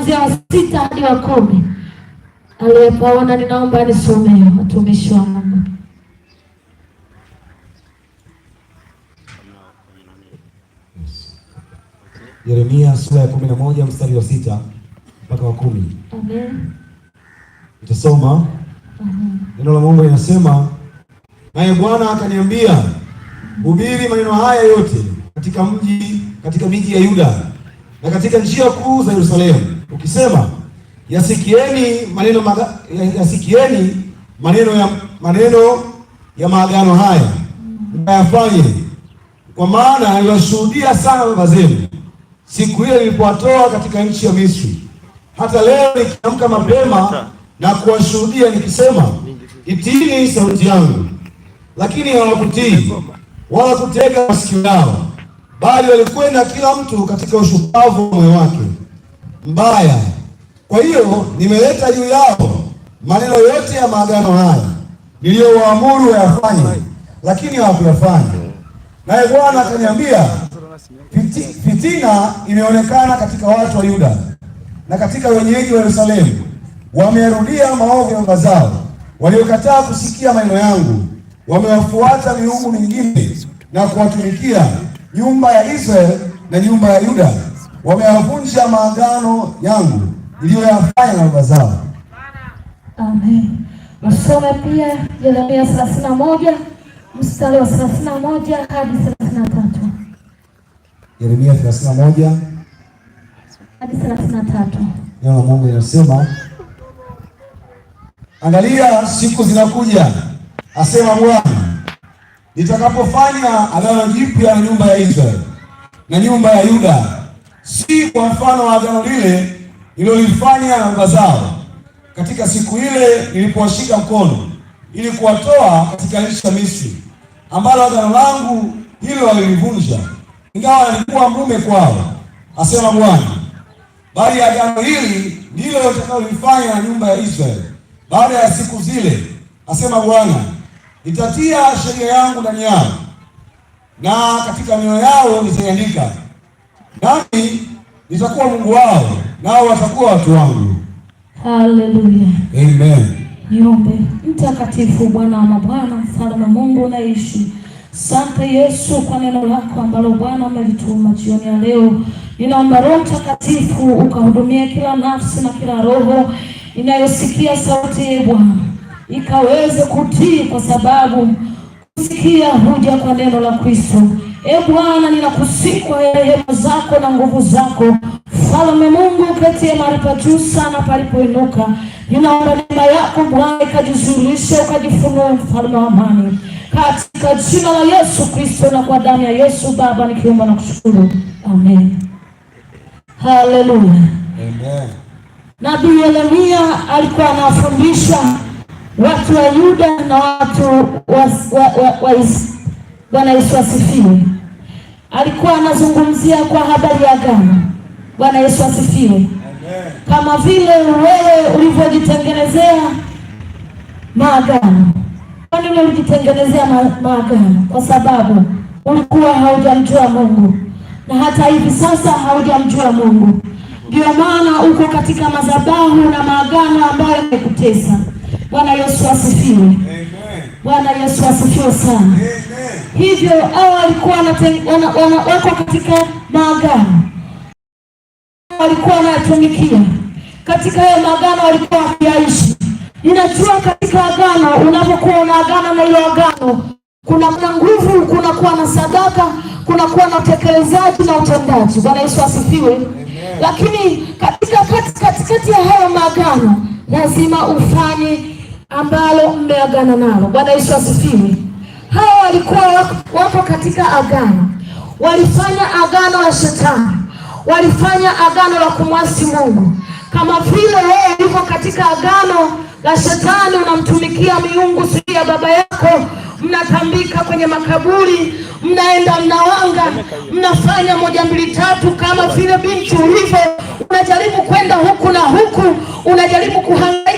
kuanzia wa sita hadi wa kumi. Aliyepaona ninaomba nisomee watumishi Mungu. Yeremia sura ya kumi na moja mstari wa sita mpaka wa kumi. Amen. Nitasoma. Neno la Mungu linasema, naye Bwana akaniambia, hubiri maneno haya yote katika mji, katika miji ya Yuda na katika njia kuu za Yerusalemu ukisema yasikieni maneno maga, yasikieni maneno ya maneno ya maagano haya mkayafanye, kwa maana niliwashuhudia sana baba zenu siku ile nilipowatoa katika nchi ya Misri, hata leo nikiamka mapema na kuwashuhudia nikisema, itini sauti yangu. Lakini hawakutii wala kutega masikio yao, bali walikwenda kila mtu katika ushupavu wa moyo wake mbaya. Kwa hiyo nimeleta juu yao maneno yote ya maagano haya niliyowaamuru wayafanye, lakini hawakuyafanya. Naye Bwana akaniambia, fiti, fitina imeonekana katika watu wa Yuda na katika wenyeji wa Yerusalemu, wameyarudia maovu ya baba zao, waliokataa kusikia maneno yangu, wamewafuata miungu mingine na kuwatumikia nyumba ya Israeli na nyumba ya Yuda wameyavunja maagano yangu niliyoyafanya na baba zao. Amen. Msome pia Yeremia 31 mstari wa 31 hadi 33. Yeremia 31 hadi 33. Neno la Mungu linasema, Angalia siku zinakuja, asema Bwana, nitakapofanya agano jipya na nyumba ya Israeli na nyumba ya Yuda si kwa mfano wa agano lile nililolifanya na baba zao katika siku ile nilipowashika mkono ili kuwatoa katika nchi ya Misri, ambalo agano langu hilo walilivunja, ingawa nilikuwa mume kwao, asema Bwana. Bali agano hili ndilo litakalolifanya na nyumba ya Israeli baada ya siku zile, asema Bwana, nitatia sheria yangu ndani yao na katika mioyo yao nitaiandika nami nitakuwa Mungu wao, nao watakuwa watu wangu. Haleluya, amen. Niombe. Mtakatifu, Bwana wa mabwana, mfalme Mungu naishi sante Yesu kwa neno lako ambalo Bwana umelituma jioni ya leo. Ninaomba Roho Mtakatifu ukahudumia kila nafsi na kila roho inayosikia sauti ya Bwana ikaweze kutii, kwa sababu kusikia huja kwa neno la Kristo. E Bwana, ninakusifu rehema zako na nguvu zako. Mfalme Mungu, ya mahali pa juu sana palipoinuka. Ninaomba neema yako Bwana ikajizulishe, ukajifunue mfalme wa amani, katika jina la Yesu Kristo na kwa damu ya Yesu. Baba, nikiomba na kushukuru, amen. Haleluya. Nabii Yeremia alikuwa anawafundisha watu wa Yuda na watu wa, wa, wa, wa Bwana Yesu asifiwe. Alikuwa anazungumzia kwa habari ya agano. Bwana Yesu asifiwe. Kama vile wewe ulivyojitengenezea maagano, kwani ule ulijitengenezea maagano kwa sababu ulikuwa haujamjua Mungu, na hata hivi sasa haujamjua Mungu. Ndio maana uko katika madhabahu na maagano ambayo yamekutesa. Bwana Yesu asifiwe. Bwana Yesu asifiwe sana. Hivyo hao walikuwa wanawekwa katika maagano, walikuwa wanatumikia katika hayo maagano, walikuwa wakiaishi. Ninajua katika agano, unapokuwa una agano na hilo agano, kuna na nguvu, kunakuwa na sadaka, kunakuwa na utekelezaji na utendaji. Bwana Yesu asifiwe. Lakini katika katikati ya hayo maagano lazima ufanye ambalo mmeagana nalo. Bwana Yesu asifiwe. Hawa walikuwa wapo katika agano, walifanya agano la shetani, walifanya agano la kumwasi Mungu. Kama vile wewe uko katika agano la shetani, unamtumikia miungu si ya baba yako, mnatambika kwenye makaburi, mnaenda mnawanga, mnafanya moja mbili tatu, kama vile binti ulivyo, unajaribu kwenda huku na huku, unajaribu kuhanga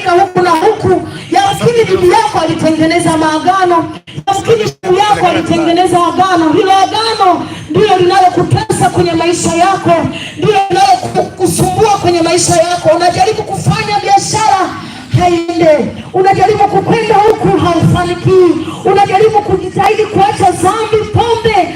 Nafikiri bibi yako alitengeneza maagano, nafikiri bibi yako alitengeneza agano. Hilo agano ndilo linalokutesa kwenye maisha yako, ndilo linalokusumbua kwenye maisha yako. Unajaribu kufanya biashara haiende, unajaribu kupenda huku haufanikii unajaribu kujitahidi kuacha dhambi, pombe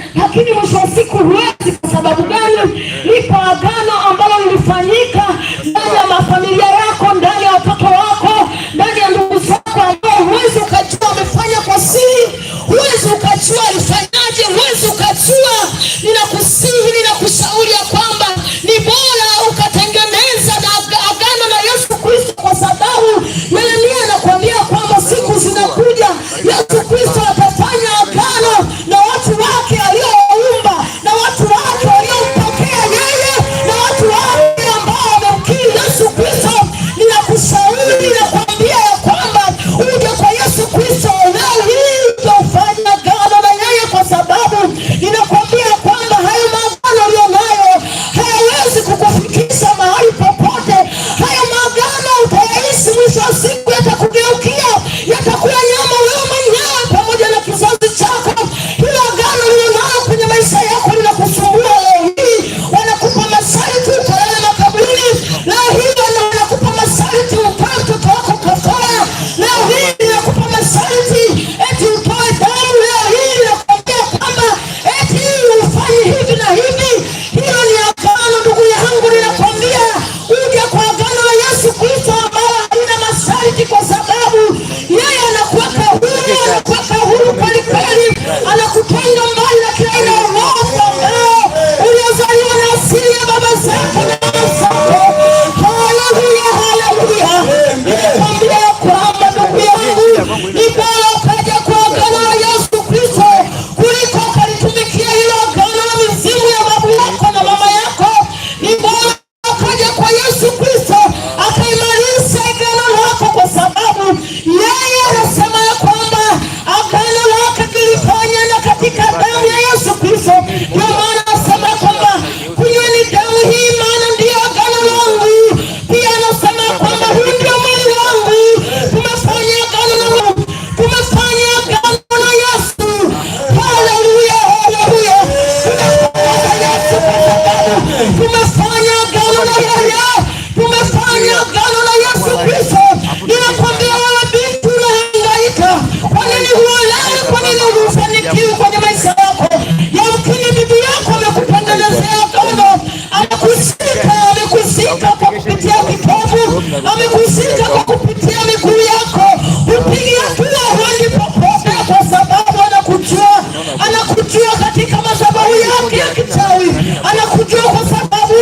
na kichawi, anakujua kwa sababu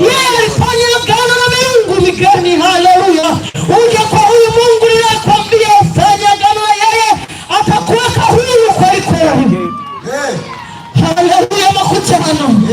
yeye alifanya agano na miungu migeni. Haleluya! Uja kwa huyu Mungu ninakwambia, ufanye agano na yeye, atakuweka huru kweli kweli. Haleluya, makutano